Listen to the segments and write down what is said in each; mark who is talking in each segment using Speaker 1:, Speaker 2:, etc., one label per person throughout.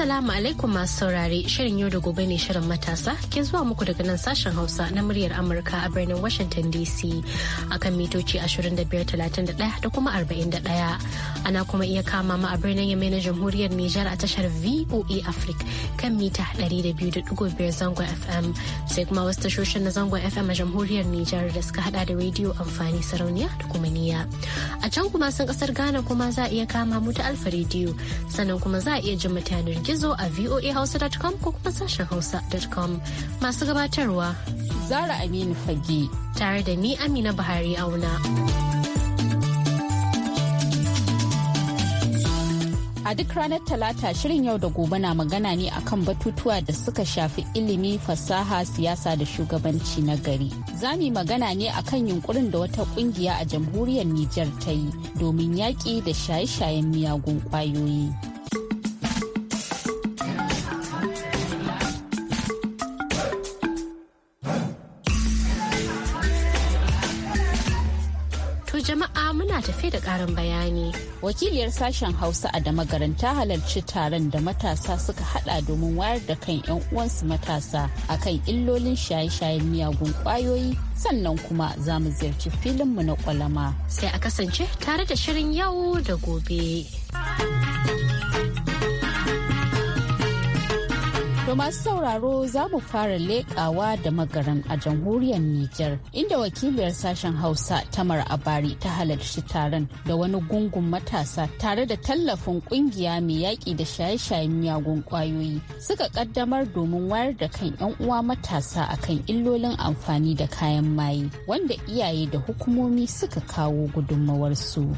Speaker 1: Assalamu alaikum masu saurare shirin yau da gobe ne shirin matasa ke zuwa muku daga nan sashen Hausa na muryar Amurka a birnin Washington DC akan mitoci 2531 da kuma 41. Ana kuma iya kama ma a birnin Yamai na Jamhuriyar Nijar a tashar VOA Africa kan mita 200.5 zangon FM sai kuma wasu tashoshin na zangon FM a Jamhuriyar Nijar da suka hada da rediyo amfani sarauniya da kuma niya. A can kuma sun kasar Ghana kuma za a iya kama mu ta Alfa rediyo sannan kuma za a iya jin mutanen gizo a voahausa.com ko kuma sashen hausa.com masu gabatarwa. Zara
Speaker 2: Aminu Fage. Tare da ni Amina Buhari Auna. A duk ranar Talata shirin yau da gobe na magana ne akan batutuwa da suka shafi ilimi, fasaha, siyasa da shugabanci na gari. Za mu magana ne akan yunkurin da wata kungiya a jamhuriyar Nijar ta yi domin yaƙi da shaye-shayen miyagun ƙwayoyi. tafe da ƙarin bayani. Wakiliyar sashen Hausa a da ta halarci taron da matasa suka hada domin wayar da kan 'yan uwansu matasa akan illolin shaye-shayen miyagun ƙwayoyi sannan kuma za mu ziyarci filinmu na kwalama. Sai a kasance tare da shirin yau da gobe. To masu sauraro za mu fara leƙawa da magaran a jamhuriyar Nijar inda wakiliyar sashen Hausa Tamar Abari ta halarci taron da wani gungun matasa tare da tallafin kungiya mai yaƙi da shaye-shayen miyagun ƙwayoyi suka kaddamar domin wayar da kan 'yan uwa matasa akan illolin amfani da kayan maye wanda iyaye da hukumomi suka kawo gudunmawarsu. su.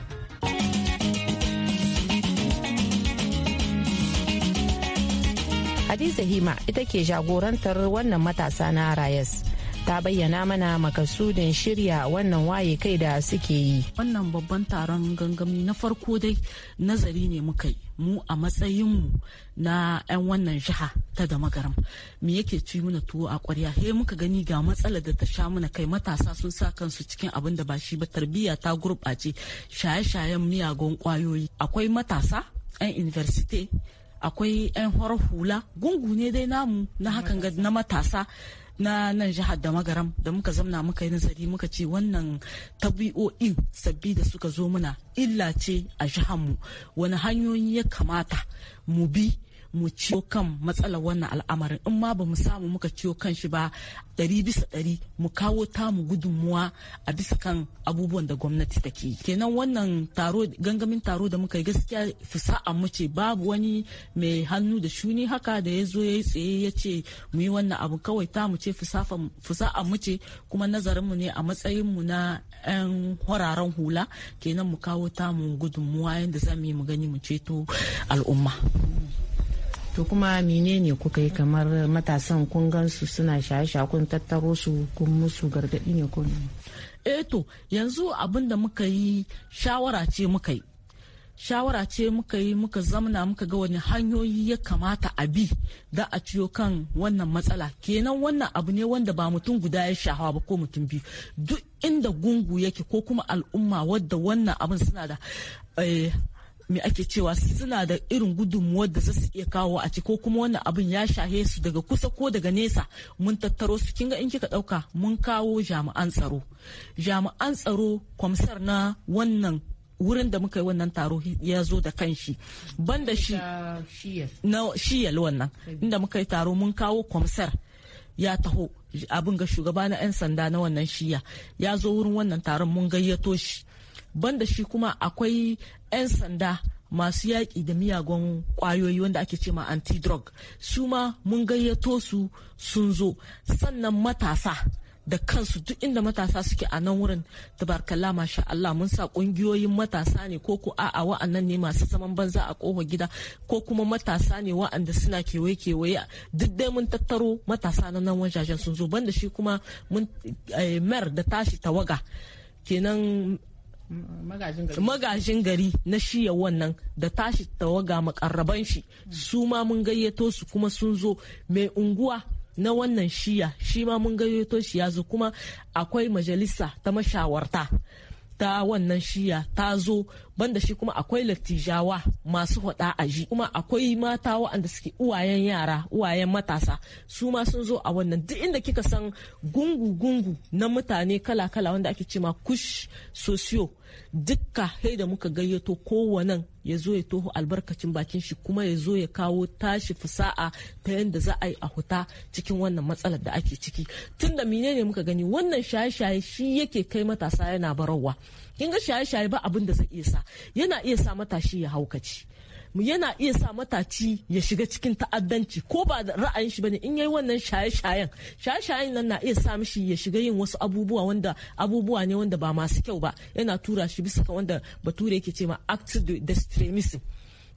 Speaker 3: hadiza hima ita ke jagorantar wannan matasa na rayas ta bayyana mana makasudin shirya wannan waye kai da suke yi. Wannan babban taron
Speaker 4: gangami na farko dai nazari ne muka yi mu a matsayinmu na 'yan wannan jiha ta da magaram. Me yake ci mana tuwo a kwarya he muka gani ga matsala da ta sha mana kai matasa sun sa kansu cikin abin da ba shi ba tarbiyya ta gurɓace shaye-shayen miyagun kwayoyi. Akwai matasa 'yan university akwai 'yan horar hula gungu ne dai namu na hakan ga na matasa na nan jihar da magaram da muka zamna muka yi nazari muka ce wannan tabi'o'in sabbi da suka zo muna illa ce a jihar mu wani hanyoyi ya kamata mu bi mu ciyo kan matsalar wannan al'amarin in ma ba mu samu muka ciyo kan shi ba ɗari bisa ɗari mu kawo tamu gudunmuwa a bisa kan abubuwan da gwamnati take kenan wannan taro gangamin taro da muka yi gaskiya fusa'a mu ce babu wani mai hannu da shuni haka da ya zo ya yi tsaye ya ce mu yi wannan abu kawai tamu ce fusa'a mu ce kuma nazarinmu ne a matsayin mu na 'yan hararen hula kenan mu kawo tamu gudunmuwa yadda za mu yi mu gani mu ceto al'umma.
Speaker 3: to kuma menene kuka yi kamar matasan kun gansu suna shaye-shaye kun tattaro su kun
Speaker 4: musu gargaɗi ne kun eh to yanzu abin da muka yi shawara ce muka yi shawara ce muka yi muka zamna muka ga wani hanyoyi ya kamata a bi da a ciyo kan wannan matsala kenan wannan abu ne wanda ba mutum guda ya shahawa ba ko mutum biyu duk inda gungu yake ko kuma al'umma wadda wannan abin suna da eh, me ake cewa suna da irin gudunmuwar da za su iya kawo a ciki ko kuma wannan abin ya shahe su daga kusa ko daga nesa mun tattaro su kinga in kika dauka mun kawo jami'an tsaro jami'an tsaro kwamsar na wannan wurin da muka yi wannan taro ya zo da kanshi banda shi na shiyal wannan inda muka yi taro mun kawo kwamsar ya taho abin ga shugaba na 'yan sanda na wannan shiya ya zo wurin wannan taron mun gayyato shi banda shi kuma akwai 'yan sanda masu yaƙi da miyagun ƙwayoyi wanda ake ce ma anti-drug su ma mun gayyato su sun zo sannan matasa da kansu duk inda matasa suke a nan wurin tabarkalla masha Allah mun sa kungiyoyin matasa ne ko ku a'a wa'annan ne masu zaman banza a kofar gida ko kuma matasa ne wa'anda suna kewaye kewaye duk dai mun tattaro matasa na nan wajajen sun zo banda shi kuma mun eh, mer da tashi tawaga kenan
Speaker 3: magajin
Speaker 4: gari na shiya wannan da tashi tawaga makarraban shi su ma mun gayyato su kuma sun zo mai unguwa na wannan shiya shi ma mun gayyato shi ya zo kuma akwai majalisa ta mashawarta ta wannan shiya ta zo banda shi kuma akwai lattijawa masu hada aji kuma akwai mata waɗanda suke uwayen yara uwayen matasa su ma sun zo a wannan duk inda kika san gungu-gungu na mutane kala-kala wanda ake cema kush sosiyo dukka sai da muka gayyato kowanan ya zo ya toho albarkacin bakin shi kuma ya zo ya kawo tashi fasa'a ta yadda za a yi a huta cikin wannan matsalar da ake ciki tun da menene muka gani wannan shaye-shaye shi yake kai matasa yana barawa kin ga shaye-shaye ba abin da zai iya sa yana iya sa matashi ya haukaci mu yana iya sa mataci ya shiga cikin ta'addanci ko ba da ra'ayin shi bane in yayi wannan shaye-shayen shaye-shayen nan na iya sa mishi ya shiga yin wasu abubuwa wanda abubuwa ne wanda ba masu kyau ba yana tura shi bisa wanda bature yake ce ma act da extremism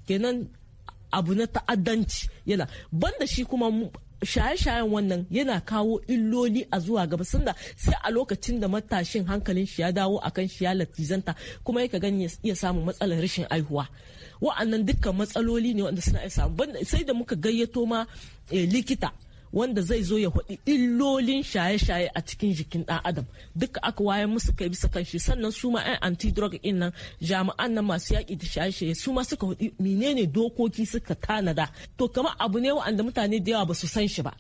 Speaker 4: kenan abu na ta'addanci yana banda shi kuma shaye-shayen wannan yana kawo illoli a zuwa gaba sunda sai a lokacin da matashin hankalin shi ya dawo akan shi ya latizanta kuma yaka gani ya samu matsalar rashin aihuwa wa'annan dukkan matsaloli ne wanda suna iya sai da muka gayyato ma eh, likita wanda zai zo ya faɗi illolin shaye-shaye a cikin jikin ɗan adam duka aka waye musu kai bisa kan shi sannan su ma 'yan anti drug in nan jami'an nan masu yaƙi da shaye-shaye su ma suka faɗi menene dokoki suka tanada to kamar abu ne wa'anda mutane da yawa ba su san shi ba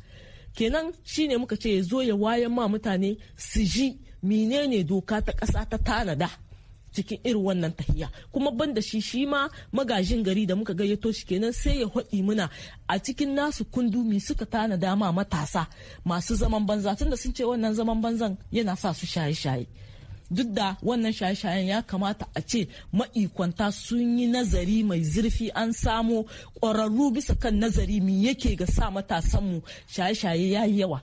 Speaker 4: kenan shine muka ce ya zo ya wayan ma mutane su ji menene doka ta ƙasa ta tanada cikin irin wannan tahiya kuma banda shi shi ma magajin gari da muka gayyato shi kenan sai ya haɗi muna a cikin nasu kundumi suka tana dama matasa masu zaman banza tunda sun ce wannan zaman banzan yana sa su shaye-shaye duk da wannan shaye-shayen ya kamata a ce ma'ikwanta sun yi nazari mai zurfi an samo ƙwararru bisa kan nazari mi yake ga sa matasanmu shaye-shaye ya yi yawa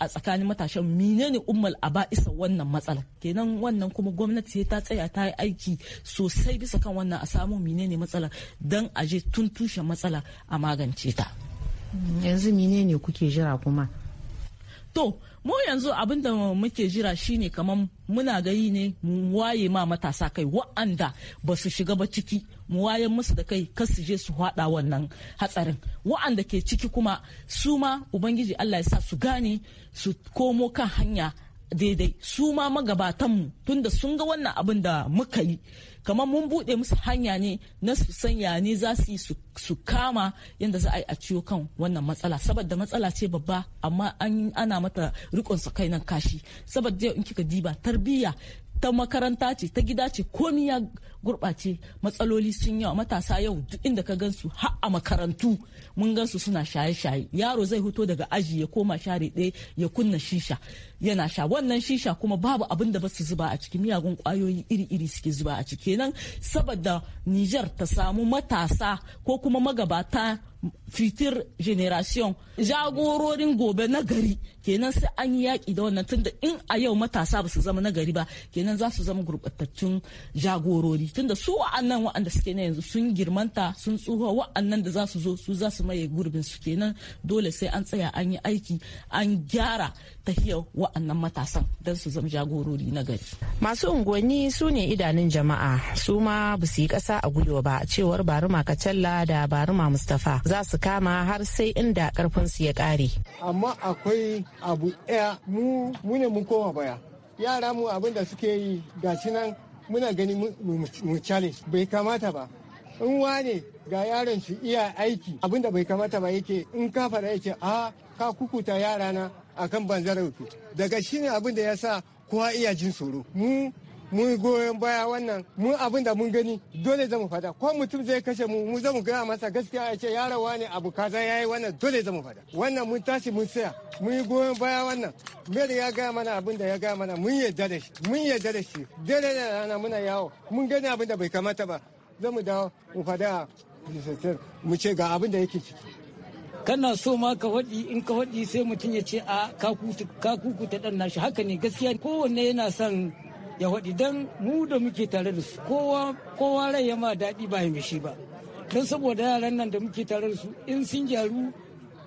Speaker 4: a tsakanin matashan menene ummal a ba isa wannan matsala kenan wannan kuma gwamnati ta tsaya ta yi aiki sosai bisa kan wannan a samu menene matsala don aje je tun tushen matsala a magance ta
Speaker 3: yanzu menene kuke jira kuma
Speaker 4: to mu yanzu abinda muke jira shine kamar muna gayi ne mu waye ma matasa kai wa'anda ba su shiga ba ciki mu wayan musu da kai kar su je su hada wannan hatsarin wa'anda ke ciki kuma su ma ubangiji Allah ya sa su gane su komo kan hanya daidai su ma magabatanmu tunda sun ga wannan abin da muka yi kamar mun buɗe musu hanya ne na su sanya ne za su yi su kama yadda za a yi a ciwo kan wannan matsala saboda matsala ce babba amma ana mata rikon su kai nan kashi saboda yau in kika diba tarbiyya ta makaranta ce ta gida ce komi ya gurɓace matsaloli sun yawa matasa yau duk inda ka gansu har a makarantu mun gansu suna shaye-shaye yaro zai fito daga aji ya koma share ɗaya ya kunna shisha yana sha wannan shisha kuma babu abin da basu zuba a ciki miyagun kwayoyi iri-iri suke zuba a ciki kenan saboda Nijar ta samu matasa ko kuma magabata fitir generation jagororin gobe na gari kenan sai an yi yaƙi da wannan tunda in a yau matasa ba su zama na gari ba kenan za su zama gurɓatattun jagorori tunda su wa'annan wa'anda suke na yanzu sun girmanta sun tsuho wa'annan da za su zo su za su maye gurbin su kenan dole sai an tsaya an yi aiki an gyara tahiyar wa'annan matasan don su zama jagorori na gari
Speaker 3: masu unguwanni su ne idanun jama'a su ma ba su yi kasa a gwiwa ba cewar baruma kacalla da baruma mustafa za su kama har sai inda karfin su ya kare
Speaker 5: amma akwai abu ɗaya mu ne mun koma baya yara mu abin da suke yi gashi nan muna gani mu challenge bai kamata ba in wane ga yaron shi iya aiki abinda bai kamata ba yake in ka fara yake a ka kukuta yarana akan banzarauki daga shine abin da ya sa kowa iya jin tsoro mu mun goyon baya wannan mun abin da mun gani dole zamu fada ko mutum zai kashe mu mu zamu gaya masa gaskiya a ce yarawa ne abu kaza yayi wannan dole zamu fada wannan mun tashi mun saya mun yi goyon baya wannan mere ya gaya mana abin da ya gaya mana mun yarda da shi mun yarda da shi dare da rana muna yawo mun gani abin da bai kamata ba zamu dawo mu fada mu ce ga abin da yake ciki
Speaker 6: kana so ma ka waɗi in ka waɗi sai mutum ya ce a ka ta ɗan nashi haka ne gaskiya kowanne yana son ya waɗi don mu da muke tare da su kowa rai ya ma daɗi ba ya shi ba don saboda yaran nan da muke tare da su in sun gyaru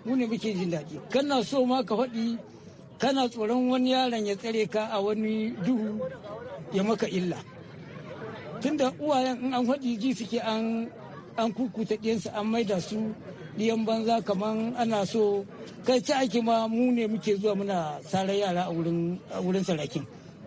Speaker 6: mu ne muke jin daɗi kana so ma ka faɗi kana tsoron wani yaran ya tsare ka a wani duhu ya maka illa tunda uwayen in an faɗi ji suke an an kukuta ɗiyansu an maida su ɗiyan banza kamar ana so kai ci ake ma mu ne muke zuwa muna sarar yara a wurin sarakin.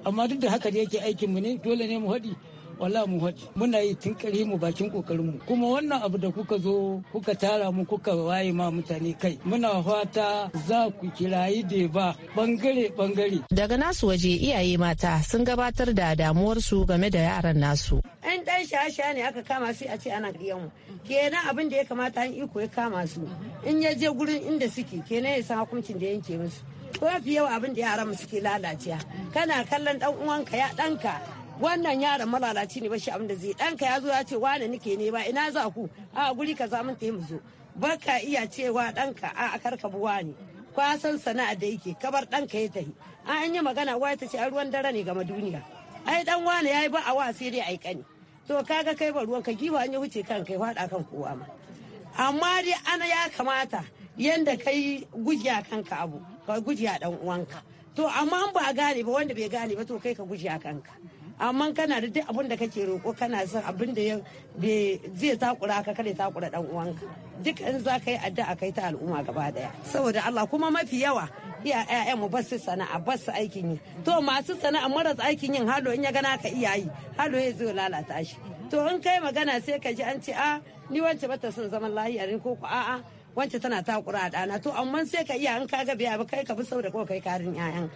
Speaker 6: amma duk da haka da yake aikin mu ne dole ne mu haɗi wala mu haɗi muna yi tun mu bakin kokarin mu kuma wannan abu da kuka zo kuka tara mu kuka waye ma mutane kai muna fata za ku kirayi da ba bangare bangare
Speaker 3: daga nasu waje iyaye mata sun gabatar da damuwarsu game da yaran nasu
Speaker 6: in dan shasha ne aka kama su a ce ana mu kenan abin da ya kamata an iko ya kama su in ya je gurin inda suke kenan ya san hukuncin da yanke musu ko fi yau abin da yaran suke lalaciya kana kallon dan uwanka ya danka wannan yaron malalaci ne ba shi abin da zai danka ya zo ya ce wane nake ne ba ina za ku a guri ka za mun mu zo baka iya cewa danka a karka buwa ne kwasan sana'a da yake kabar danka ya tafi an yi magana wai ta ce ruwan dare ne game duniya ai dan wane yayi ba a wa sai dai ai kani to kaga kai ba ruwan ka giwa an yi wuce kan kai fada kan kowa ma amma dai ana ya kamata yanda kai gujiya kanka abu ka guji a dan uwanka to amma ba a gane ba wanda bai gane ba to kai ka guji a kanka amma kana da duk abin da kake roƙo kana son abin da zai takura ka kada ya takura dan uwanka duk in za ka yi addu'a kai ta al'umma gaba daya saboda Allah kuma mafi yawa iya ƴaƴan mu basu sana'a basu aikin yi to masu sana'a maras aikin yin halo in ya gana ka iya yi halo ya zo lalata shi to in kai magana sai ka ji an ce a ah, ni wance bata son zaman lahiya ne ko ku a'a wacce tana takura a ɗana to amma sai ka iya an kaga biya ba kai ka bi sau kawai kai karin 'ya'yan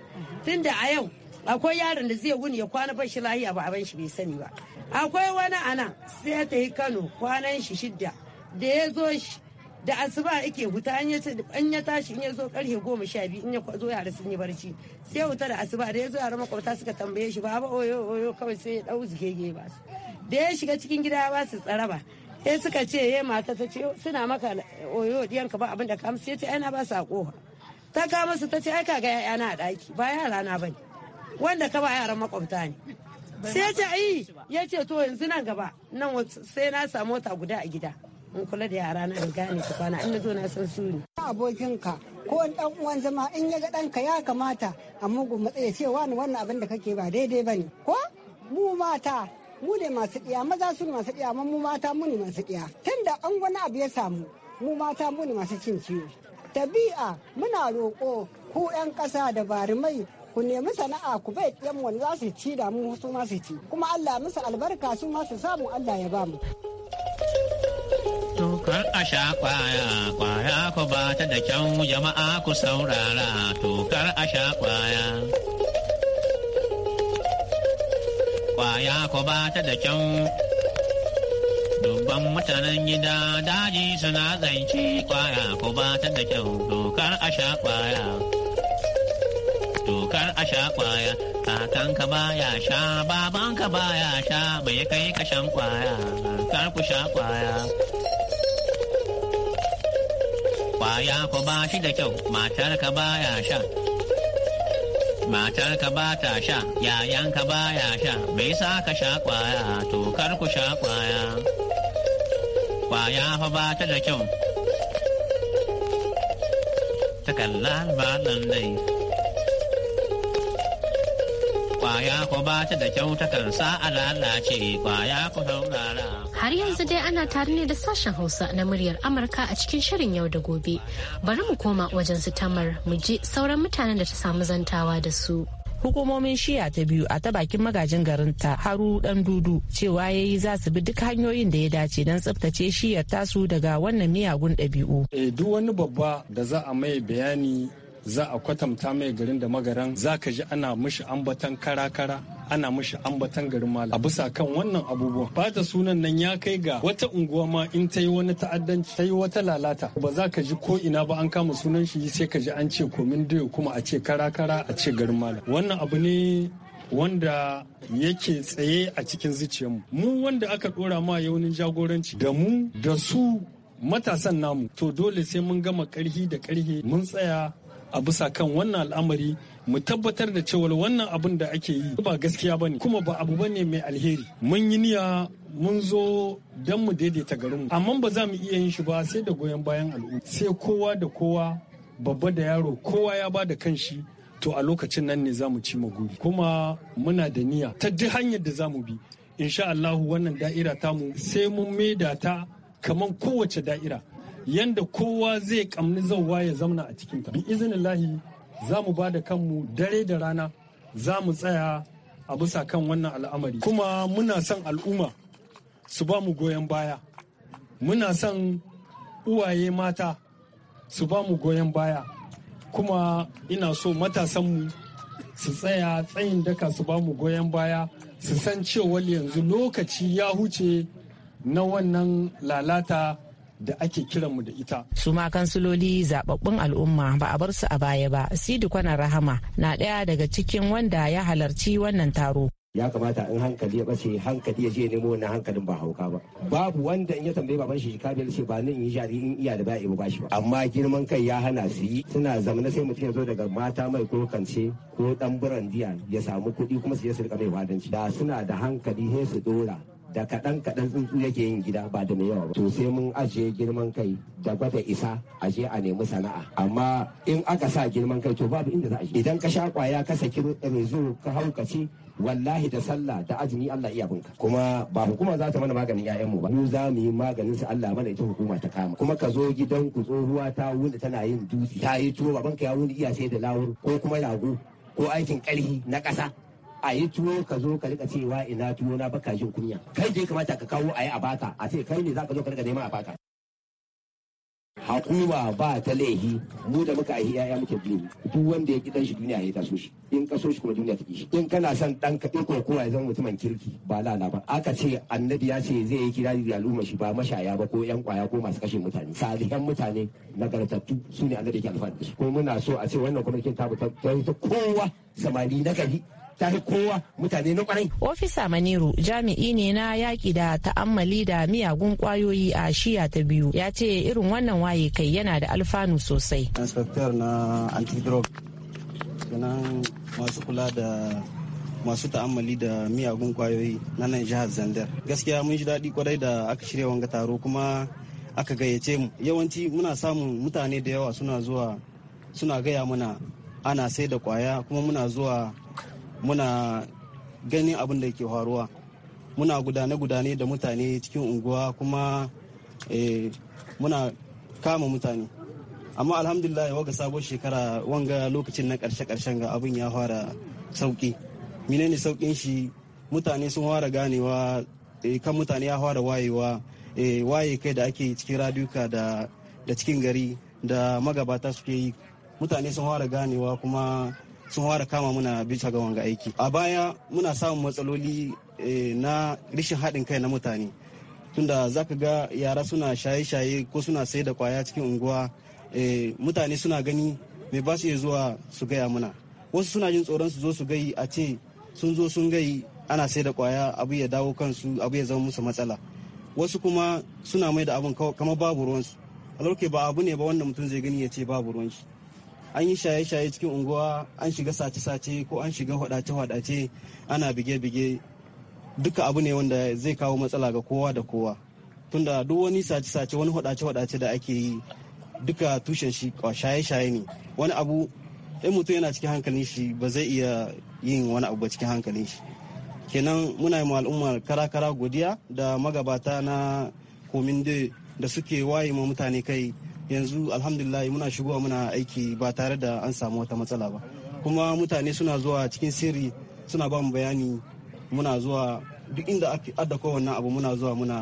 Speaker 6: tunda a yau akwai yaron da zai wuni ya kwana ba shi lahiya ba abin shi bai sani ba akwai wani anan sai ta yi kano kwanan shi shidda da ya zo shi da asuba ake huta an ya tashi in ya zo karfe goma sha biyu in ya zo yara sun yi barci sai huta da asuba da ya zo yara makwabta suka tambaye shi ba oyo oyo kawai sai ya dau zigege ba da ya shiga cikin gida ba su tsaraba sai suka ce ya mata ta ce suna maka oyo ka ba abin da kamsu ya ce ai ba su a ta ka su ta ce ai ka ga yana a daki ba yara na ne wanda ka ba yaran makwabta ne sai ta yi ya ce to yanzu nan gaba nan sai na samu wata guda a gida in kula da yara na gane su kwana in zo na san su ne. abokinka ko dan uwan zama in ya ga danka ya kamata a mugun ya ce wani wannan abin da kake ba daidai ba ne ko mu mata mu ne masu ɗiya maza su ne masu ɗiya mu mata mu ne masu ɗiya tunda an wani abu ya samu mu mata mu ne masu cin ciwo tabi'a muna roƙo ku 'yan ƙasa da barimai ku nemi sana'a ku bai ɗiyan wani za su ci da mu su ma ci kuma Allah musu albarka su ma su samu Allah ya bamu. mu.
Speaker 7: Tukar a sha kwaya, kwaya ku ba ta da kyau jama'a ku saurara, tukar a sha kwaya. kwaya ko ba ta da kyau. Dubban mutanen gida daji suna zance kwaya ko ba ta da kyau dokar a sha kwaya. Dokar a sha kwaya, kakanka baya sha, babanka baya sha, bai kai kashan kwaya, kar ku sha kwaya. Kwaya ko ba shi da kyau, matarka baya sha. matarka ba ta sha yayanka ba ya sha me yasa ka sha kwaya to kar ku sha kwaya kwaya fa ba ta da kyau ba nan dai kwaya ko ba ta da kyau takan sa a lalace kwaya ku saurara
Speaker 1: Har yanzu dai ana tare ne da sashen Hausa na muryar Amurka a cikin shirin yau da gobe. Bari mu koma wajen su tamar mu je sauran mutanen da ta samu zantawa da su.
Speaker 3: hukumomin shiya ta biyu a ta bakin magajin garin ta haru dan dudu cewa ya yi za su bi duk hanyoyin da ya dace don tsabtace shiyar tasu daga wannan miyagun ɗabi'u.
Speaker 5: Eh, duk wani babba da za a mai bayani za a kwatanta mai garin da magaran za ka ji ana mishi ambatan kara-kara ana mishi ambatan garin malam a bisa kan wannan abubuwan bata sunan nan ya kai ga wata unguwa ma in ta yi wani ta'addanci ta yi wata lalata ba za ka ji ko ina ba an kama sunan shi sai ka ji an ce komin doyo kuma a ce kara-kara a ce garin malam wannan abu ne wanda yake tsaye a cikin zuciyarmu mu wanda aka dora ma yaunin jagoranci da mu da su matasan namu to dole sai mun gama karhi da karhi mun tsaya a bisa kan wannan al'amari mu tabbatar da cewa wannan abun da ake yi ba gaskiya bane kuma ba abu bane mai alheri mun yi niyya mun zo don mu daidaita garinmu amma ba za mu iya yin shi ba sai da goyon bayan al'umma sai kowa da kowa babba da yaro kowa ya ba da kanshi to a lokacin nan ne za mu ci maguri kuma muna da niyya ta duk hanyar da za mu bi insha Allahu wannan da'ira tamu sai mun maida ta kamar kowace da'ira yanda kowa zai kamni zauwa ya zamna a cikinta bi Allah za mu ba da kanmu dare da rana za mu tsaya a bisa kan wannan al'amari kuma muna son al'umma su ba mu goyon baya muna son uwaye mata su ba mu goyon baya kuma ina so matasanmu su tsaya tsayin daka su ba mu goyon baya su san cewa yanzu lokaci ya huce
Speaker 3: na wannan lalata da ake kiranmu da ita. Su ma kansiloli zababbun al'umma ba a bar su a baya ba. Sidi Kwana Rahama na ɗaya daga cikin
Speaker 8: wanda ya halarci wannan taro. ya kamata in hankali ya ɓace hankali ya je nemo wannan hankalin ba hauka ba babu wanda in ya tambayi baban shi kabil ce ba nan yi jari in iya da ba'i ba shi ba amma girman kai ya hana su yi suna zamana sai mutum ya zo daga mata mai ko kance ko dan burandiya ya samu kuɗi kuma su je su riƙa mai wadanci da suna da hankali sai su ɗora. da kaɗan kaɗan tsuntsu yake yin gida ba da mai yawa ba to mun ajiye girman kai da gwada isa aje a nemi sana'a amma in aka sa girman kai to babu inda za a idan ka sha kwaya ka saki rezo ka haukaci wallahi da sallah da azumi Allah iya binka kuma ba hukuma za ta mana maganin yayanmu ba mu za mu yi maganin su Allah mana ita hukuma ta kama kuma ka zo gidan ku tsohuwa ta wuni tana yin dutse ta yi tuwo babanka ya wuni iya sai da lawur ko kuma lagu ko aikin ƙarfi na ƙasa a yi tuwo ka zo ka rika cewa ina tuwo na baka jin kunya kai je kamata ka kawo a yi a baka a ce kai ne za ka zo ka rika neman a baka Hakuma ba ta laihi mu da muka yi yaya muke biyu duk wanda ya ki dan shi duniya ya taso shi in ka shi kuma duniya ta ki shi in kana son dan ka in kuma ya zama mutumin kirki ba lala ba aka ce annabi ya ce zai yi kira da al'umma shi ba mashaya ba ko yan kwaya ko masu kashe mutane salihan mutane nagartattu su ne annabi ke alfahari ko muna so a ce wannan kin ta ta kowa samari gari ta kowa mutane na kwarai. Ofisa Maniru
Speaker 3: jami'i ne na yaƙi da ta'ammali da miyagun kwayoyi a shiya ta biyu ya ce irin wannan waye kai yana da alfanu
Speaker 9: sosai. Inspector na anti-drug sunan masu kula da masu ta'ammali da miyagun kwayoyi na nan jihar Zandar. Gaskiya mun ji daɗi kwarai da aka shirya wanga taro kuma aka gayyace mu yawanci muna samun mutane da yawa suna zuwa suna gaya mana ana sai da kwaya kuma muna zuwa muna ganin abin da ke faruwa muna gudane-gudane da mutane cikin unguwa kuma eh, muna kama mutane amma alhamdulillah waga sabon shekara wanga lokacin na karshe-karshen ga abin ya fara sauki menene saukin shi mutane sun fara ganewa eh, kan mutane ya fara wayewa eh, waye kai da ake cikin raduka da cikin gari da magabata suke yi mutane sun fara ganewa kuma sun fara kama muna bisa ga wanga aiki a baya muna samun matsaloli eh, na rishin haɗin kai na mutane tunda za ka ga yara suna shaye-shaye ko suna sai da kwaya cikin unguwa eh, mutane suna gani mai ba su iya zuwa su gaya muna wasu suna jin tsoron su zo su gai a ce sun zo sun gai ana sai da kwaya abu ya dawo kansu abu ya zama musu matsala wasu kuma suna mai da abin kama babu ruwansu a ba abu ne ba wanda mutum zai gani ya ce babu ruwan an yi shaye-shaye cikin unguwa an shiga sace-sace ko an shiga hudace-hudace ana bige-bige duka abu ne wanda zai kawo matsala ga kowa da kowa tunda duk wani sace-sace wani hudace-hudace da ake yi duka tushen shi shaye-shaye ne wani abu in mutum yana cikin hankalin shi ba zai iya yin wani abu ba cikin hankalin shi kenan muna yi al'ummar kara-kara godiya da magabata na komin da suke waye ma mutane kai yanzu alhamdulillah muna shigowa muna aiki ba tare da an samu wata matsala ba kuma mutane suna zuwa cikin sirri suna ba mu bayani muna zuwa duk inda adda kowanne abu muna zuwa muna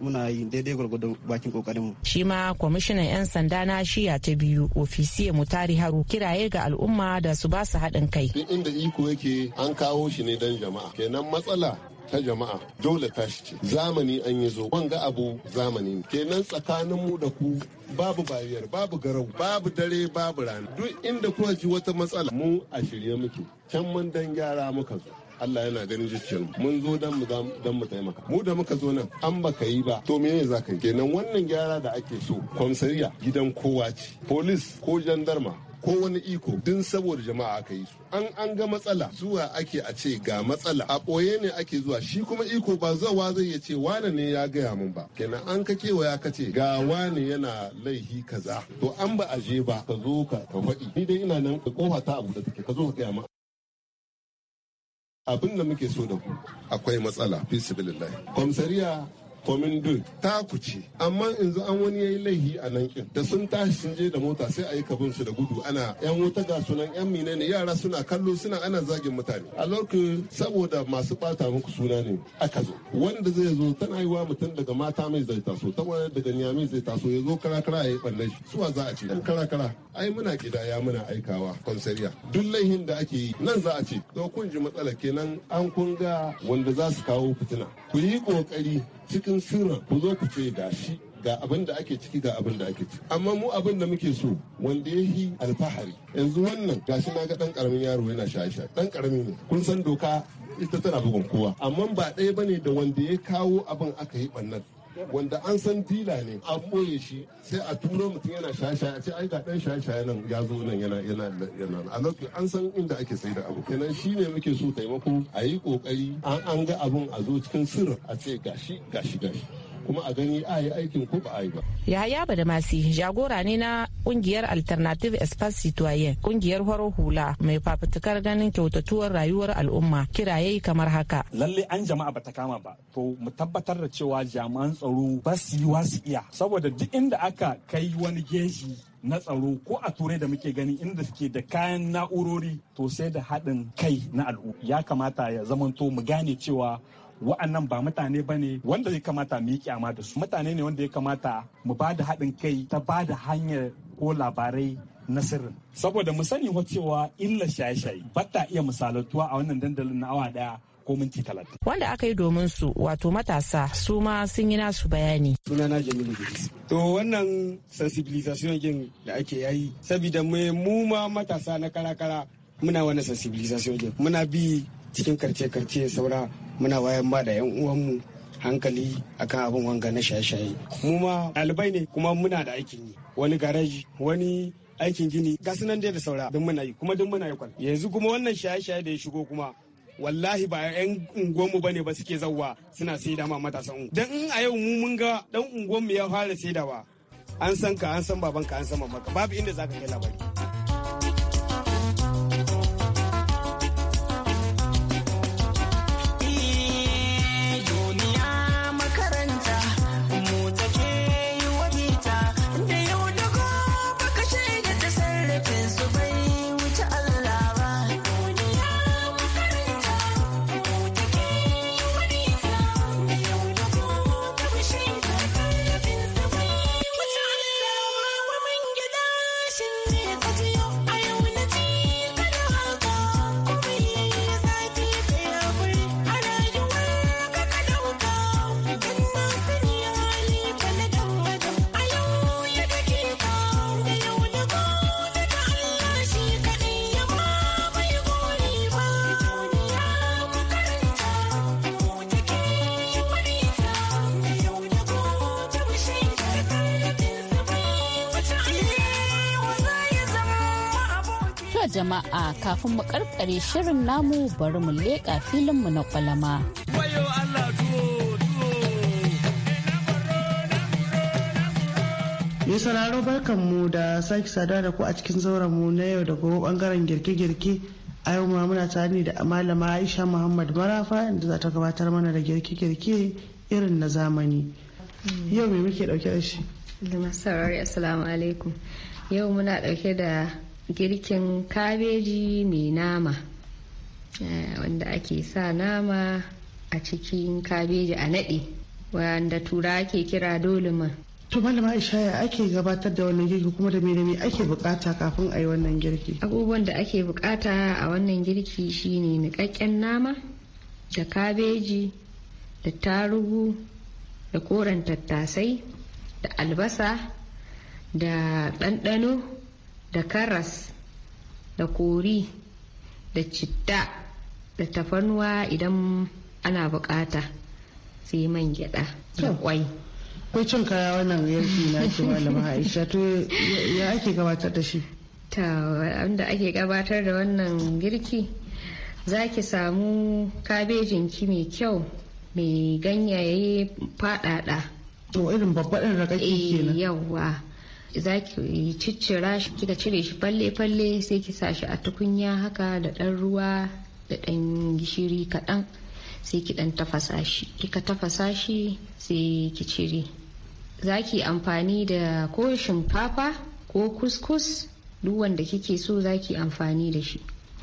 Speaker 9: muna yi daidai gwargwado bakin mu.
Speaker 3: Shi ma kwamishinan 'yan sanda na shiya ta biyu ofisiye tari haru kiraye ga al'umma da su ba su haɗin kai.
Speaker 10: Duk inda iko yake an kawo shi ne don jama'a. Kenan matsala ta jama'a dole tashi ce zamani an yi zo wanga abu zamani kenan tsakanin mu da ku babu bariyar babu garau babu dare babu rana duk inda kuka ji wata matsala mu a shirye muke can mun dan gyara muka zo Allah yana ganin zuciyar mu mun zo dan mu dan mu taimaka mu da muka zo nan an baka yi ba to me za ka yi kenan wannan gyara da ake so kwamsariya gidan kowa ce police ko jandarma ko wani iko din saboda jama'a aka yi su an an ga matsala zuwa ake a ce ga matsala a ɓoye ne ake zuwa shi kuma iko ba zawa zai ya ce wane ne ya gaya min ba kenan an ka kewaya ka ce ga wane yana laihi kaza to an ba a je ba ka zo ka faɗi ni dai ina nan ka kofa ta abu da take ka zo ka gaya min abin da muke so da ku akwai matsala fi sabilillah komsariya komin dun ta kuce amma yanzu an wani yayi laihi a nan kin da sun tashi sun je da mota sai a yi kabin su da gudu ana yan wuta ga sunan yan mine ne yara suna kallo suna ana zagin mutane a lokacin saboda masu bata muku suna ne aka zo wanda zai zo tana yi wa mutum daga mata mai zai taso ta wani daga mai zai taso ya zo karakara ya yi ɓannan shi suwa za a ce yan karakara ai muna kidaya muna aikawa konsariya duk laihin da ake yi nan za a ce to kun ji matsala kenan an kun ga wanda za su kawo fitina ku yi kokari cikin sirra ku zo ku ce ga shi ga abin da ake ciki ga abin da ake ciki amma mu abin da muke so wanda ya yi alfahari yanzu wannan gashi na ga dan karamin yaro yana sha-sha, dan karami ne kun san doka ita tana bugun kowa amma ba ɗaya bane da wanda ya kawo abin aka yi bannan wanda an san dila ne a ɓoye shi sai a turo mutum yana shashaya ce ai ga dan shashaya nan ya zo nan yana yana yana a lokacin an san inda ake sai da abu kenan ne muke so taimako a yi kokari an ga abun a zo cikin sirri a ce gashi gashi gashi kuma a gani a yi aikin ko ba a yi ba.
Speaker 3: Yahaya Badamasi jagora ne na kungiyar Alternative Espace Citoyen kungiyar horo hula mai fafutukar ganin kyautatuwar rayuwar al'umma kira kiraye kamar haka.
Speaker 5: Lalle an jama'a bata kama ba to mu tabbatar da cewa jami'an tsaro ba su yi wasu iya saboda duk inda aka kai wani geji na tsaro ko a turai da muke gani inda suke da kayan na'urori to sai da haɗin kai na al'umma ya kamata ya zamanto mu gane cewa wa'annan ba mutane ba ne wanda ya kamata mu yi kyama da su mutane ne wanda ya kamata mu ba da haɗin kai ta ba da hanyar ko labarai na sirrin saboda mu sani wa cewa illa shaye-shaye ba ta iya misalatuwa a wannan dandalin na awa daya ko minti talatin.
Speaker 3: Wanda aka yi domin su wato matasa su ma sun yi nasu bayani.
Speaker 9: Sunana Jamilu Idris. To wannan sensibilization din da ake yayi saboda mu ma matasa na kara-kara muna wani sensibilization din muna bi cikin karce-karce saura muna wayan ba da 'yan uwanmu hankali akan abin wanga na shaye-shaye mu ma ɗalibai ne kuma muna da aikin yi wani garaji wani aikin gini ga nan dai da saura duk muna yi kuma duk muna yi kwal yanzu kuma wannan shaye-shaye da ya shigo kuma wallahi ba yan unguwanmu ba ne ba suke zauwa suna saida ma matasan unguwa. dan in a yau mu mun ga dan unguwanmu ya fara saidawa an san ka an san babanka an san mamaka babu inda zaka kai labari
Speaker 2: To jama'a kafin mu karkare shirin namu bari mu leƙa mu na kwalama. Mai sauraro mu da sake
Speaker 11: sada da ku a cikin mu na yau da gobe bangaren girke-girke a yau ma muna tare ne da malama Aisha Muhammad Marafa da za ta gabatar mana da girke-girke irin na zamani. Yau me muke dauke da shi?
Speaker 12: Da alaikum. Yau muna dauke da girkin kabeji mai nama eh, wanda ake sa nama a cikin kabeji a naɗe wanda tura ake kira dolima
Speaker 11: to malama aisha ya ake gabatar da wannan girki kuma da me ake
Speaker 12: bukata kafin a yi wannan girki abubuwan da ake bukata a wannan girki shine nikakken nama da kabeji da tarugu da koren tattasai da albasa da ɗanɗano da karas da kori da citta da tafarnuwa idan ana bukata sai man gyada da
Speaker 11: kwai ko cin kaya wannan yanki na ce malama aisha to ya ake gabatar da shi
Speaker 12: ta wanda ake gabatar da wannan girki za ki samu kabejin ki mai kyau mai ganyaye fadada to irin babbaɗin ragaki eh, kenan yawwa za ki ciccira shi kika cire shi falle-falle sai ki sa shi a tukunya haka da ɗan ruwa da ɗan gishiri kaɗan sai ki ɗan tafasa shi kika tafasa shi sai ki cire za ki amfani da ko shinkafa ko kuskus duk wanda kike so za ki amfani da shi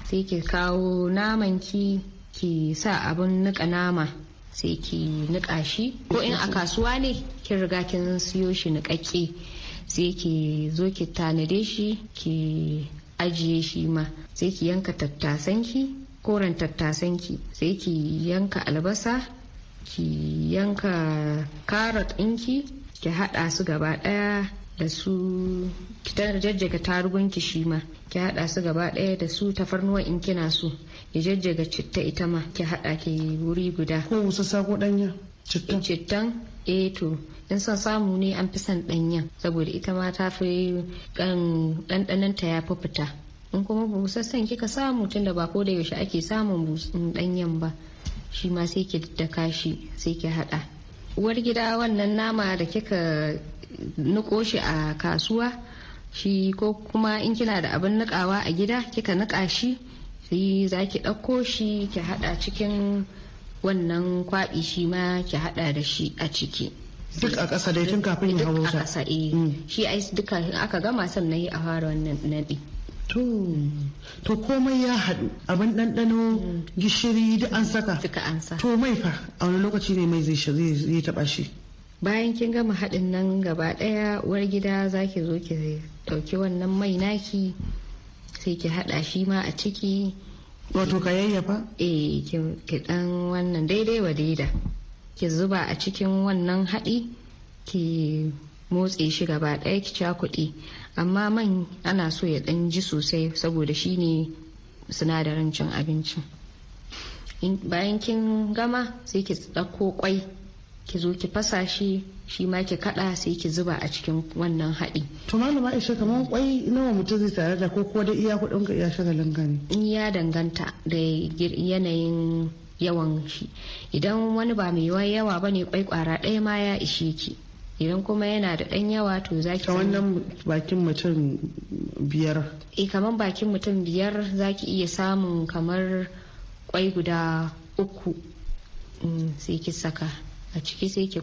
Speaker 12: sai ki kawo naman ki ki sa abun nika nama sai ki nika shi ko in a kasuwa ne kin riga kin siyo shi nikakke sai ki zo ki tanade shi ki ajiye shi ma sai ki yanka tattasan ki koren tattasan ki sai ki yanka albasa ki yanka carrot ɗinki ki haɗa su gaba ɗaya da su ki jajjaga tarugun ki shi ma ki haɗa su gaba ɗaya da su tafarnuwa in kina so ki jajjaga citta ita ma ki haɗa ki wuri guda ko wasu sako ɗanya cittan eh to in son samu ne an fi son ɗanyen saboda ita ma ta fi um, ɗanɗananta ya fi fita in kuma busassan kika samu tunda ba ko da yaushe ake samun um, ɗanyen ba shi ma sai ki da kashi sai ki haɗa uwar gida wannan nama da kika niko shi a kasuwa shi ko kuma in kina da abin nikawa a gida kika nika shi sai za ki ɗauko shi ki haɗa cikin wannan kwaɓi shi ma ki haɗa da shi a ciki duk a ƙasa dai tun kafin ya hawo sa ƙasa eh mm. shi ai duka aka gama sannan yi a fara wannan naɗi
Speaker 11: to komai ya haɗu abin ɗanɗano mm. gishiri duk an saka duka an sa to mai fa a wani lokaci ne mai zai zai taɓa shi
Speaker 12: bayan kin gama haɗin nan gaba ɗaya uwar gida za ki zo ki ɗauki wannan mai naki sai ki haɗa shi ma a ciki wato ka yayyafa eh ki dan wannan daidai wa wadida ki zuba a cikin wannan haɗi ki motse shi gaba ɗaya ki kuɗi amma man ana so ya ɗan ji sosai saboda shi ne sinadarin cin abinci bayan kin gama sai ki ɗauko kwai ki zo ki fasa shi shi ma ki kada sai ki zuba a cikin wannan haɗi. to malama ishe kamar kwai
Speaker 11: nawa mutum zai tare da ko ko da iya kudin ka iya shagalin gani.
Speaker 12: in ya danganta da yanayin yawan shi idan wani ba mai yawa ba ne kwai kwara ɗaya ma ya ishe ki idan kuma yana da ɗan yawa to za ki ta wannan
Speaker 11: bakin mutum biyar
Speaker 12: e kamar bakin mutum biyar za ki iya samun kamar kwai guda uku mm, sai ki saka a ciki sai ki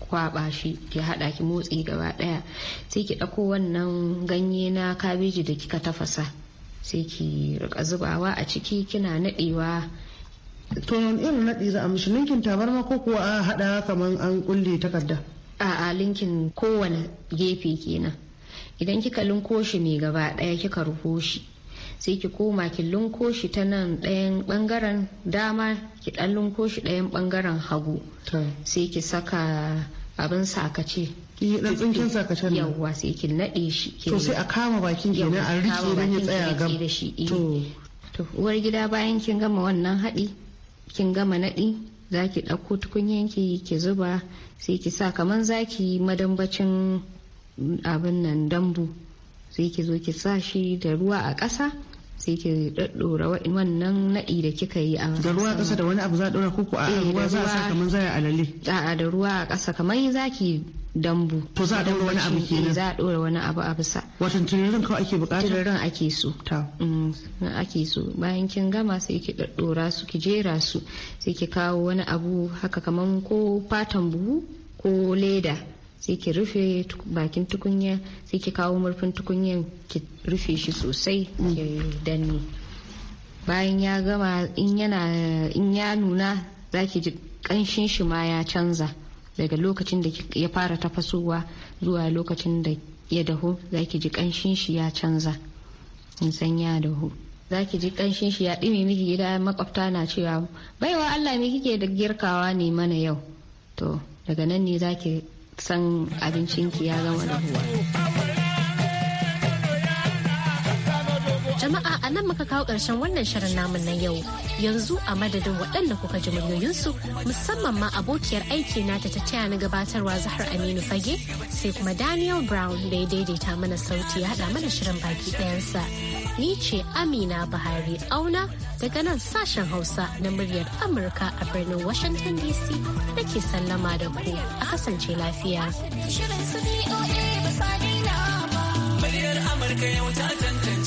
Speaker 12: kwaba shi ki hada ki motsi gaba daya sai ki dauko wannan ganye na kabeji da kika tafasa sai ki rika zubawa a ciki kina nadewa
Speaker 11: to wani irin nadi za a mishi linkin tabarma ko kuwa a hada kaman an kulle
Speaker 12: takarda a a linkin kowane gefe kenan idan kika linko shi mai gaba daya kika rufo shi sai ki koma ki lunko shi ta nan ɗayan ɓangaren dama ki ɗan lunko shi ɗayan ɓangaren hagu sai ki saka abin sakace dan tsinkin sakacen nan sai ki nade shi to sai a kama bakin kenan a rike dan ya tsaya gam eh. to to uwar gida bayan kin gama wannan haɗi kin gama nadi zaki ɗauko tukunyanki ki zuba sai ki sa kaman zaki madambacin abin nan dambu sai ki zo ki sa shi da ruwa a ƙasa sai ki daddora wannan nadi da kika yi a da ruwa kasa
Speaker 11: da wani abu za a dora ko a eh, ruwa za a sa kamar
Speaker 12: zaya alale a da ruwa a kasa kaman zaki dambu to za a dora wani abu eh, nan. za a dora wani abu a bisa wato tururin kawai ake bukata tururin ake so ta mm, ake so bayan kin gama sai ki daddora su ki jera su sai ki kawo wani abu haka kaman ko fatan buhu ko leda sai ki rufe bakin tukunya sai ki kawo murfin tukunyan ki rufe shi sosai ki danne bayan ya gama in ya nuna za ki ji kanshin shi ma ya canza daga lokacin da ya fara tafasowa zuwa lokacin da ya dahu za ki ji kanshin shi ya canza in san ya dahu za ki ji kanshin shi ya ɗime miki gida makwabta na cewa baiwa Allah me kike da girkawa ne mana yau to daga nan ne za ki san abincinki ya gama huwa.
Speaker 1: Jama'a a nan muka kawo ƙarshen wannan shirin namun na yau. Yanzu a madadin waɗanda kuka ji muryoyinsu musamman ma abokiyar aiki na ta tattaya na gabatarwa Zahar Aminu Fage sai kuma Daniel Brown da ya daidaita mana sauti ya haɗa mana shirin baki ɗayansa. Ni ce Amina buhari Auna daga nan sashen Hausa na muryar Amurka a birnin Washington DC nake sallama da ku a kasance lafiya.
Speaker 4: yau ta tantan